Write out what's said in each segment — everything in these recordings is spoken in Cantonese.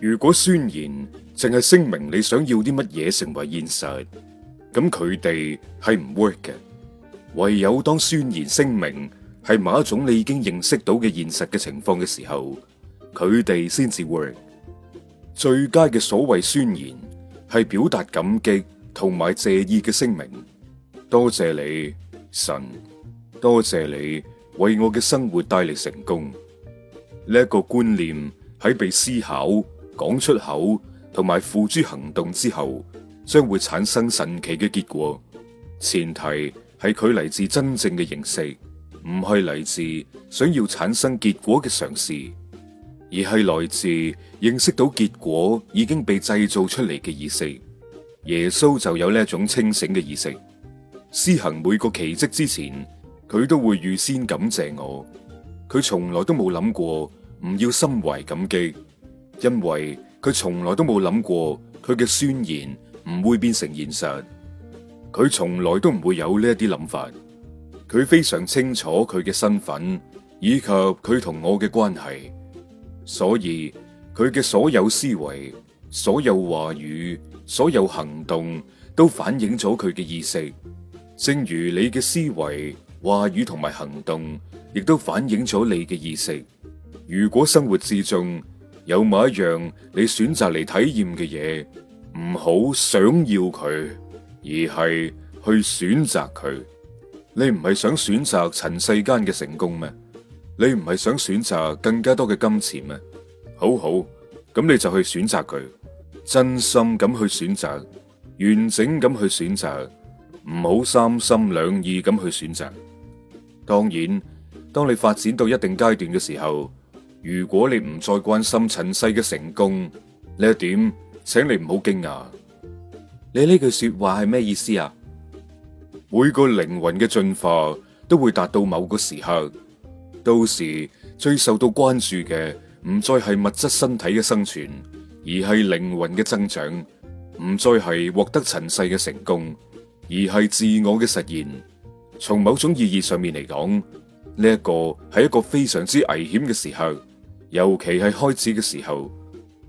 如果宣言淨係聲明你想要啲乜嘢成為現實，咁佢哋係唔 work 嘅。唯有當宣言聲明係某一種你已經認識到嘅現實嘅情況嘅時候，佢哋先至 work。最佳嘅所謂宣言係表達感激同埋謝意嘅聲明。多謝你，神，多謝你為我嘅生活帶嚟成功。呢一個觀念喺被思考。講出口同埋付諸行動之後，將會產生神奇嘅結果。前提係佢嚟自真正嘅認識，唔係嚟自想要產生結果嘅嘗試，而係來自認識到結果已經被製造出嚟嘅意識。耶穌就有呢一種清醒嘅意識。施行每個奇蹟之前，佢都會預先感謝我。佢從來都冇諗過唔要心懷感激。因為佢從來都冇諗過佢嘅宣言唔會變成現實，佢從來都唔會有呢一啲諗法。佢非常清楚佢嘅身份以及佢同我嘅關係，所以佢嘅所有思維、所有話語、所有行動都反映咗佢嘅意識。正如你嘅思維、話語同埋行動亦都反映咗你嘅意識。如果生活之中，有某一樣你選擇嚟體驗嘅嘢，唔好想要佢，而係去選擇佢。你唔係想選擇塵世間嘅成功咩？你唔係想選擇更加多嘅金錢咩？好好，咁你就去選擇佢，真心咁去選擇，完整咁去選擇，唔好三心兩意咁去選擇。當然，當你發展到一定階段嘅時候，如果你唔再關心塵世嘅成功呢一點，請你唔好驚訝。你呢句說話係咩意思啊？每個靈魂嘅進化都會達到某個時刻，到時最受到關注嘅唔再係物質身體嘅生存，而係靈魂嘅增長；唔再係獲得塵世嘅成功，而係自我嘅實現。從某種意義上面嚟講，呢一個係一個非常之危險嘅時刻。尤其係開始嘅時候，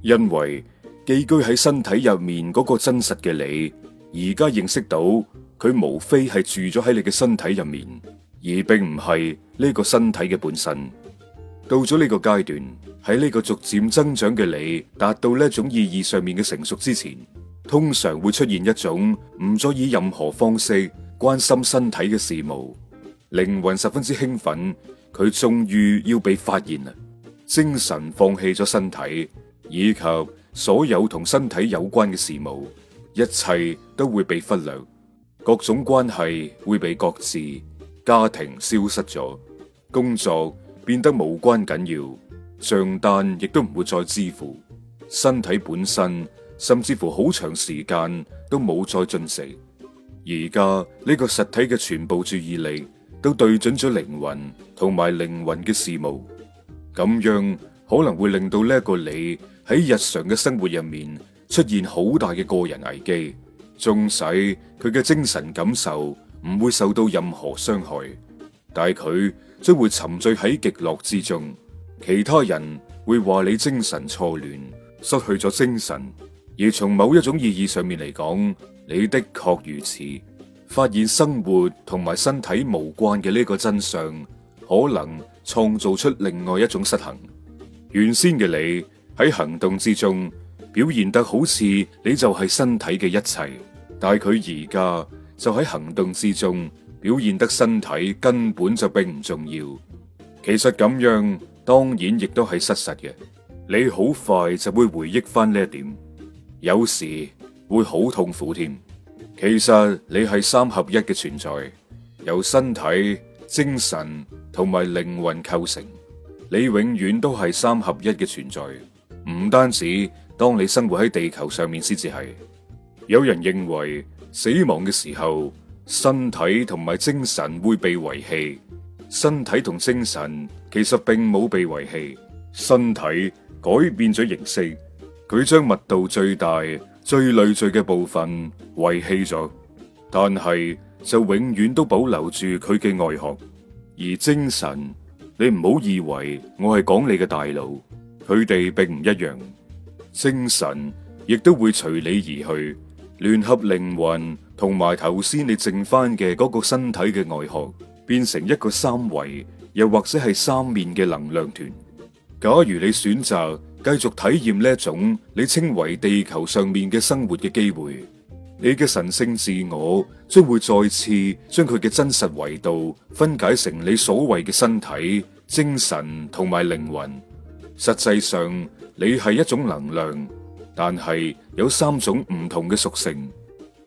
因為寄居喺身體入面嗰個真實嘅你，而家認識到佢無非係住咗喺你嘅身體入面，而並唔係呢個身體嘅本身。到咗呢個階段，喺呢個逐漸增長嘅你達到呢種意義上面嘅成熟之前，通常會出現一種唔再以任何方式關心身體嘅事務，靈魂十分之興奮，佢終於要被發現啦。精神放棄咗身體，以及所有同身體有關嘅事務，一切都會被忽略，各種關係會被擱置，家庭消失咗，工作變得無關緊要，賬單亦都唔會再支付，身體本身甚至乎好長時間都冇再進食。而家呢個實體嘅全部注意力都對準咗靈魂同埋靈魂嘅事務。咁樣可能會令到呢個你喺日常嘅生活入面出現好大嘅個人危機，縱使佢嘅精神感受唔會受到任何傷害，但係佢將會沉醉喺極樂之中。其他人會話你精神錯亂，失去咗精神，而從某一種意義上面嚟講，你的確如此。發現生活同埋身體無關嘅呢個真相，可能。創造出另外一種失衡。原先嘅你喺行動之中表現得好似你就係身體嘅一切，但係佢而家就喺行動之中表現得身體根本就並唔重要。其實咁樣當然亦都係失實嘅。你好快就會回憶翻呢一點，有時會好痛苦添。其實你係三合一嘅存在，由身體。精神同埋靈魂構成，你永遠都係三合一嘅存在。唔單止當你生活喺地球上面先至係，有人認為死亡嘅時候，身體同埋精神會被遺棄。身體同精神其實並冇被遺棄，身體改變咗形式，佢將密度最大、最累贅嘅部分遺棄咗，但係。就永遠都保留住佢嘅外殼，而精神，你唔好以為我係講你嘅大腦，佢哋並唔一樣。精神亦都會隨你而去，聯合靈魂同埋頭先你剩返嘅嗰個身體嘅外殼，變成一個三維又或者係三面嘅能量團。假如你選擇繼續體驗呢一種你稱為地球上面嘅生活嘅機會。你嘅神聖自我將會再次將佢嘅真實維度分解成你所謂嘅身體、精神同埋靈魂。實際上，你係一種能量，但係有三種唔同嘅屬性。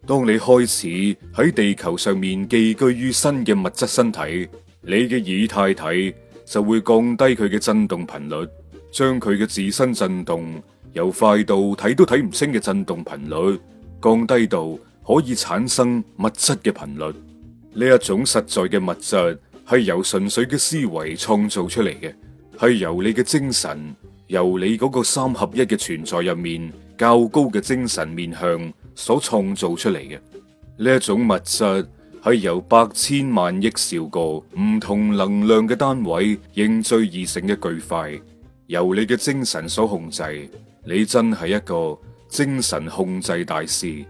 當你開始喺地球上面寄居於新嘅物質身體，你嘅以太體就會降低佢嘅震動頻率，將佢嘅自身震動由快到睇都睇唔清嘅震動頻率。降低到可以產生物質嘅頻率，呢一種實在嘅物質係由純粹嘅思維創造出嚟嘅，係由你嘅精神，由你嗰個三合一嘅存在入面較高嘅精神面向所創造出嚟嘅。呢一種物質係由百千萬億兆個唔同能量嘅單位凝聚而成嘅巨塊，由你嘅精神所控制。你真係一個。精神控制大師，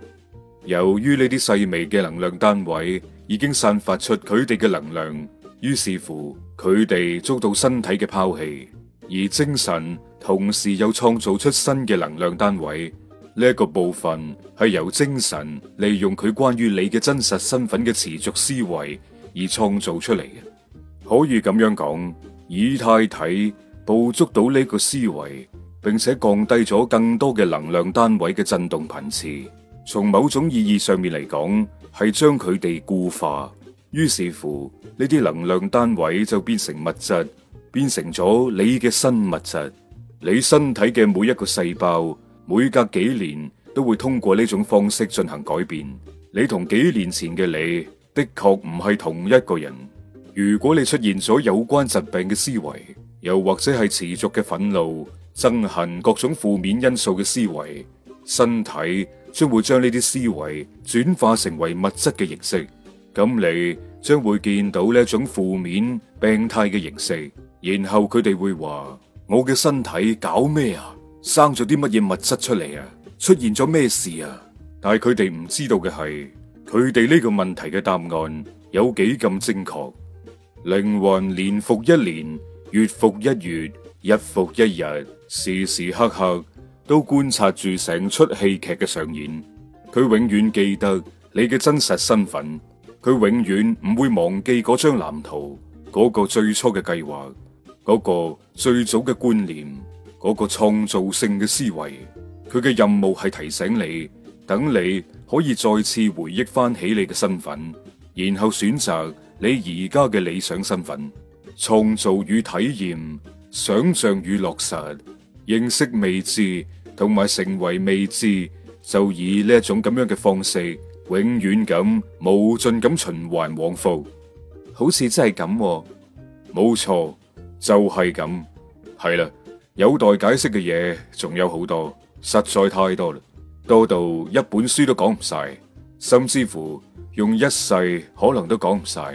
由於呢啲細微嘅能量單位已經散發出佢哋嘅能量，於是乎佢哋遭到身體嘅拋棄，而精神同時又創造出新嘅能量單位。呢個部分係由精神利用佢關於你嘅真實身份嘅持續思維而創造出嚟嘅，可以咁樣講，以太體捕捉到呢個思維。並且降低咗更多嘅能量單位嘅震動頻次，從某種意義上面嚟講，係將佢哋固化。於是乎，呢啲能量單位就變成物質，變成咗你嘅新物質。你身體嘅每一個細胞，每隔幾年都會通過呢種方式進行改變。你同幾年前嘅你，的確唔係同一個人。如果你出現咗有關疾病嘅思維，又或者係持續嘅憤怒。憎恨各種負面因素嘅思維，身體將會將呢啲思維轉化成為物質嘅形式，咁你將會見到呢一種負面病態嘅形式。然後佢哋會話：我嘅身體搞咩啊？生咗啲乜嘢物質出嚟啊？出現咗咩事啊？但係佢哋唔知道嘅係，佢哋呢個問題嘅答案有幾咁精確。靈魂年復一年，月復一月，日復一日。時時刻刻都觀察住成出戲劇嘅上演，佢永遠記得你嘅真實身份，佢永遠唔會忘記嗰張藍圖、嗰個最初嘅計劃、嗰個最早嘅觀念、嗰個創造性嘅思維。佢嘅任務係提醒你，等你可以再次回憶翻起你嘅身份，然後選擇你而家嘅理想身份，創造與體驗，想象與落實。認識未知同埋成為未知，就以呢一種咁樣嘅方式，永遠咁無盡咁循環往復，好似真係咁喎。冇錯，就係咁係啦。有待解釋嘅嘢仲有好多，實在太多啦，多到一本書都講唔晒，甚至乎用一世可能都講唔晒。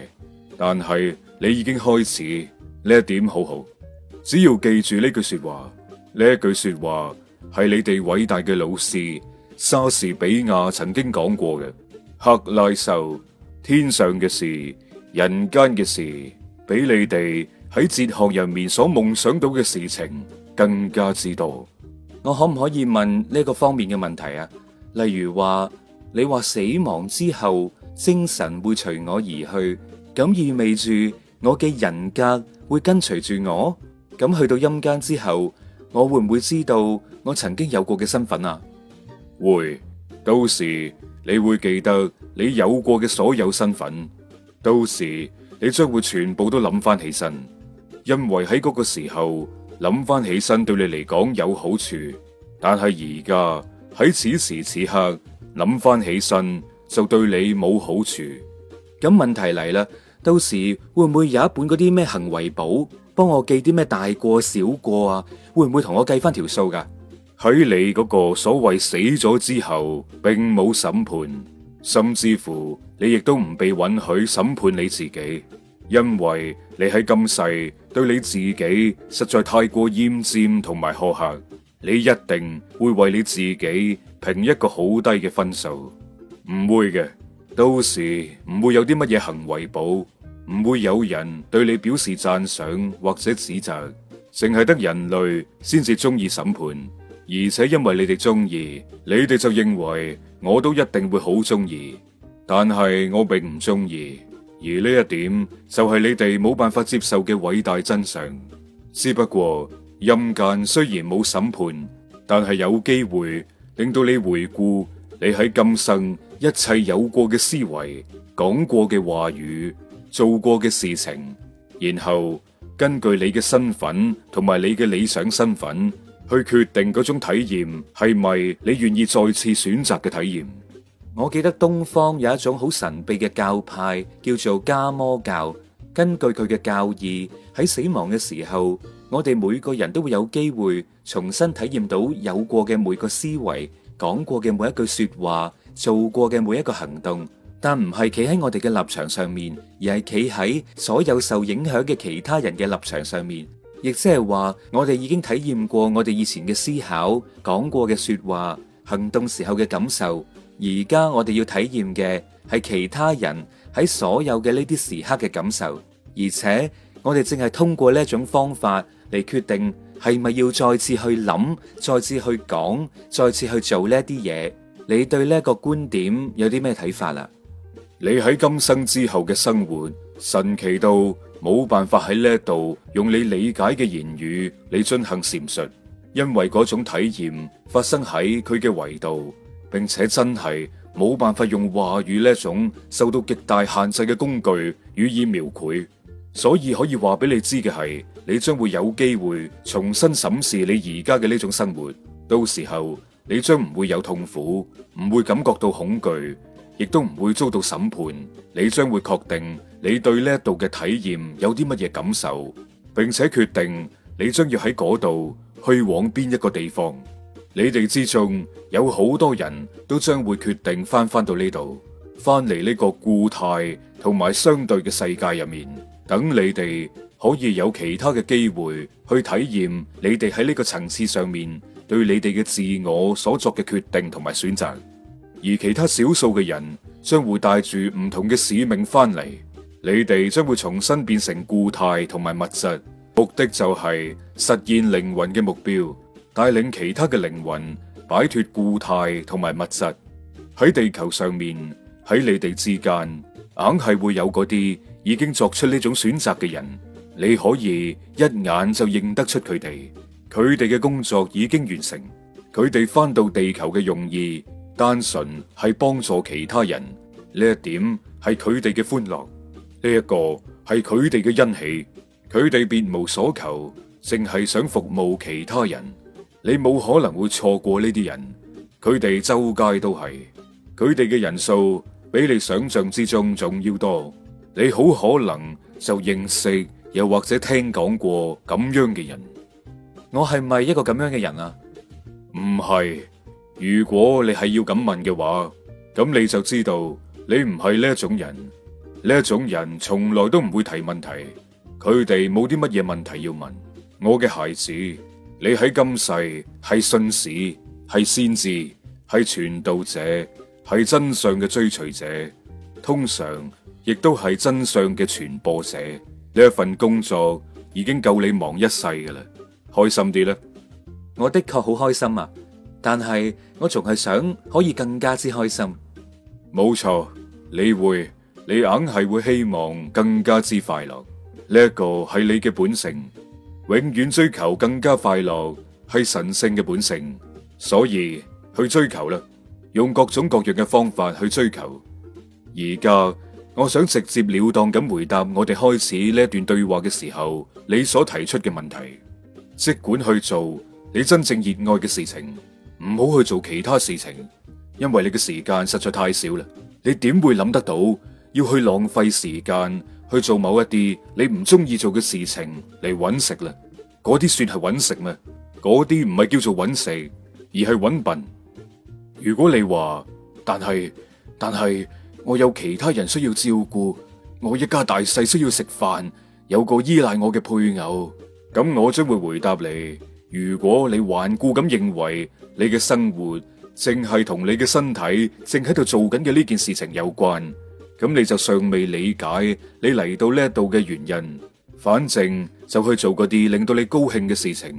但係你已經開始呢一點，好好，只要記住呢句說話。呢一句說話係你哋偉大嘅老師莎士比亞曾經講過嘅。赫拉修，天上嘅事、人間嘅事，比你哋喺哲學入面所夢想到嘅事情更加之多。我可唔可以問呢個方面嘅問題啊？例如話你話死亡之後，精神會隨我而去，咁意味住我嘅人格會跟隨住我，咁去到陰間之後？我會唔會知道我曾經有過嘅身份啊？會，到時你會記得你有過嘅所有身份。到時你將會全部都諗翻起身，因為喺嗰個時候諗翻起身對你嚟講有好處。但係而家喺此時此刻諗翻起身就對你冇好處。咁問題嚟啦。到時會唔會有一本嗰啲咩行為簿，幫我記啲咩大過、小過啊？會唔會同我計翻條數噶？喺你嗰個所謂死咗之後，並冇審判，甚至乎你亦都唔被允許審判你自己，因為你喺今世對你自己實在太過腌尖同埋苛刻，你一定會為你自己評一個好低嘅分數。唔會嘅，到時唔會有啲乜嘢行為簿。唔會有人對你表示讚賞或者指責，淨係得人類先至中意審判，而且因為你哋中意，你哋就認為我都一定會好中意。但係我並唔中意，而呢一點就係你哋冇辦法接受嘅偉大真相。只不過陰間雖然冇審判，但係有機會令到你回顧你喺今生一切有過嘅思維、講過嘅話語，做過嘅事情，然後根據你嘅身份同埋你嘅理想身份去決定嗰種體驗係咪你願意再次選擇嘅體驗。我記得東方有一種好神秘嘅教派叫做加摩教，根據佢嘅教義，喺死亡嘅時候，我哋每個人都會有機會重新體驗到有過嘅每個思維、講過嘅每一句說話、做過嘅每一個行動。但唔係企喺我哋嘅立場上面，而係企喺所有受影響嘅其他人嘅立場上面。亦即係話，我哋已經體驗過我哋以前嘅思考、講過嘅說話、行動時候嘅感受。而家我哋要體驗嘅係其他人喺所有嘅呢啲時刻嘅感受。而且我哋正係通過呢種方法嚟決定係咪要再次去諗、再次去講、再次去做呢啲嘢。你對呢個觀點有啲咩睇法呀？你喺今生之後嘅生活，神奇到冇辦法喺呢度用你理解嘅言語嚟進行闡述，因為嗰種體驗發生喺佢嘅維度，並且真係冇辦法用話語呢一種受到極大限制嘅工具予以描繪。所以可以話俾你知嘅係，你將會有機會重新審視你而家嘅呢種生活。到時候你將唔會有痛苦，唔會感覺到恐懼。亦都唔會遭到審判，你將會確定你對呢一度嘅體驗有啲乜嘢感受，並且決定你將要喺嗰度去往邊一個地方。你哋之中有好多人都將會決定翻翻到呢度，翻嚟呢個固態同埋相對嘅世界入面，等你哋可以有其他嘅機會去體驗你哋喺呢個層次上面對你哋嘅自我所作嘅決定同埋選擇。而其他少數嘅人將會帶住唔同嘅使命翻嚟，你哋將會重新變成固態同埋物質，目的就係實現靈魂嘅目標，帶領其他嘅靈魂擺脫固態同埋物質。喺地球上面，喺你哋之間，硬係會有嗰啲已經作出呢種選擇嘅人，你可以一眼就認得出佢哋，佢哋嘅工作已經完成，佢哋翻到地球嘅用意，單純係幫助其他人，呢一點係佢哋嘅歡樂，呢一個係佢哋嘅欣喜，佢哋別無所求，淨係想服務其他人。你冇可能會錯過呢啲人，佢哋周街都係，佢哋嘅人數比你想象之中仲要多。你好可能就認識又或者聽講過咁樣嘅人。我係咪一個咁樣嘅人啊？唔係。如果你係要咁問嘅話，咁你就知道你唔係呢一種人。呢一種人從來都唔會提問題，佢哋冇啲乜嘢問題要問。我嘅孩子，你喺今世係信使，係先知，係傳道者，係真相嘅追隨者，通常亦都係真相嘅傳播者。呢一份工作已經夠你忙一世㗎啦，開心啲啦！我的確好開心啊！但係我仲係想可以更加之開心，冇錯，你會你硬係會希望更加之快樂。呢個係你嘅本性，永遠追求更加快樂係神聖嘅本性，所以去追求啦，用各種各樣嘅方法去追求。而家我想直接了當咁回答我哋開始呢段對話嘅時候，你所提出嘅問題，即管去做你真正熱愛嘅事情。唔好去做其他事情，因為你嘅時間實在太少啦。你點會諗得到要去浪費時間去做某一啲你唔中意做嘅事情嚟揾食啦？嗰啲算係揾食咩？嗰啲唔係叫做揾食，而係揾笨。如果你話，但係但係我有其他人需要照顧，我一家大細需要食飯，有個依賴我嘅配偶，咁我將會回答你。如果你頑固咁認為，你嘅生活淨係同你嘅身體正喺度做緊嘅呢件事情有關，咁你就尚未理解你嚟到呢一度嘅原因。反正就去做嗰啲令到你高興嘅事情，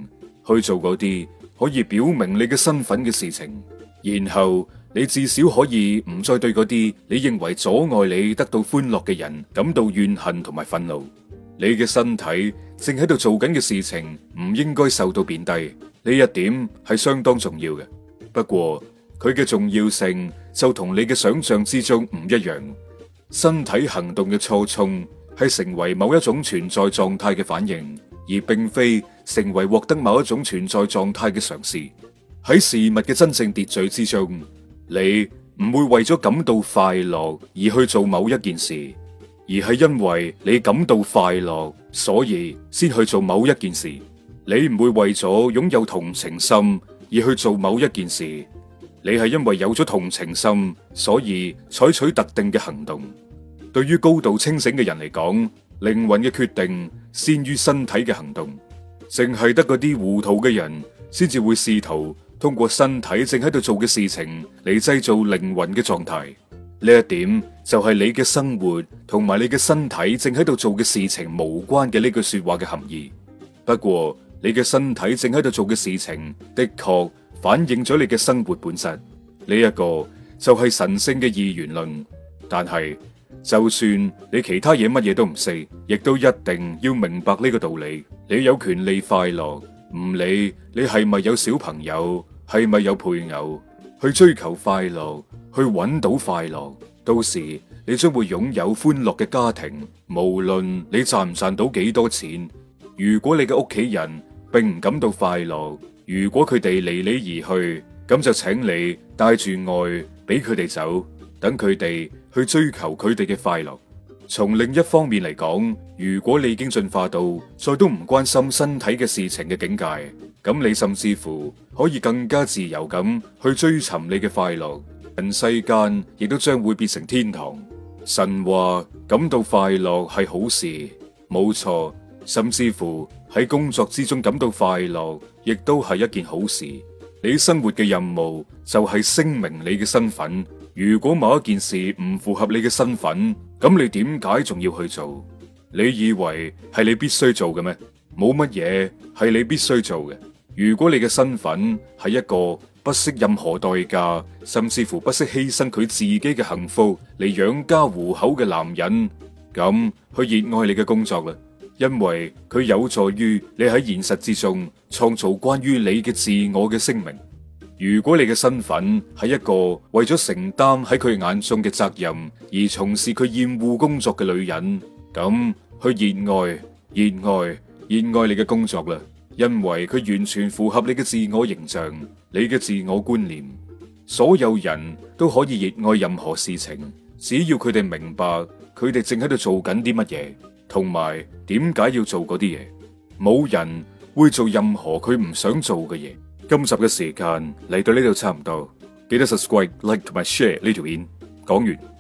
去做嗰啲可以表明你嘅身份嘅事情，然後你至少可以唔再對嗰啲你認為阻礙你得到歡樂嘅人感到怨恨同埋憤怒。你嘅身體正喺度做緊嘅事情唔應該受到貶低。呢一點係相當重要嘅，不過佢嘅重要性就同你嘅想象之中唔一樣。身體行動嘅初衷係成為某一種存在狀態嘅反應，而並非成為獲得某一種存在狀態嘅嘗試。喺事物嘅真正秩序之中，你唔會為咗感到快樂而去做某一件事，而係因為你感到快樂，所以先去做某一件事。你唔會為咗擁有同情心而去做某一件事，你係因為有咗同情心，所以採取特定嘅行動。對於高度清醒嘅人嚟講，靈魂嘅決定先於身體嘅行動，淨係得嗰啲糊塗嘅人先至會試圖通過身體正喺度做嘅事情嚟製造靈魂嘅狀態。呢一點就係你嘅生活同埋你嘅身體正喺度做嘅事情無關嘅呢句說話嘅含義。不過，你嘅身體正喺度做嘅事情，的確反映咗你嘅生活本質。呢、這、一個就係神聖嘅二元論。但係，就算你其他嘢乜嘢都唔識，亦都一定要明白呢個道理。你有權利快樂，唔理你係咪有小朋友，係咪有配偶，去追求快樂，去搵到快樂。到時你將會擁有歡樂嘅家庭，無論你賺唔賺到幾多錢。如果你嘅屋企人，並唔感到快樂。如果佢哋離你而去，咁就請你帶住愛俾佢哋走，等佢哋去追求佢哋嘅快樂。從另一方面嚟講，如果你已經進化到再都唔關心身體嘅事情嘅境界，咁你甚至乎可以更加自由咁去追尋你嘅快樂。人世間亦都將會變成天堂。神話，感到快樂係好事，冇錯，甚至乎。喺工作之中感到快樂，亦都係一件好事。你生活嘅任務就係聲明你嘅身份。如果某一件事唔符合你嘅身份，咁你點解仲要去做？你以為係你必須做嘅咩？冇乜嘢係你必須做嘅。如果你嘅身份係一個不惜任何代價，甚至乎不惜犧牲佢自己嘅幸福嚟養家糊口嘅男人，咁去熱愛你嘅工作啦。因為佢有助於你喺現實之中創造關於你嘅自我嘅聲明。如果你嘅身份係一個為咗承擔喺佢眼中嘅責任而從事佢厭惡工作嘅女人，咁去熱愛、熱愛、熱愛你嘅工作啦。因為佢完全符合你嘅自我形象、你嘅自我觀念。所有人都可以熱愛任何事情，只要佢哋明白佢哋正喺度做緊啲乜嘢。同埋點解要做嗰啲嘢？冇人會做任何佢唔想做嘅嘢。今集嘅時間嚟到呢度差唔多，記得 subscribe、like 同埋 share 呢條片。講完。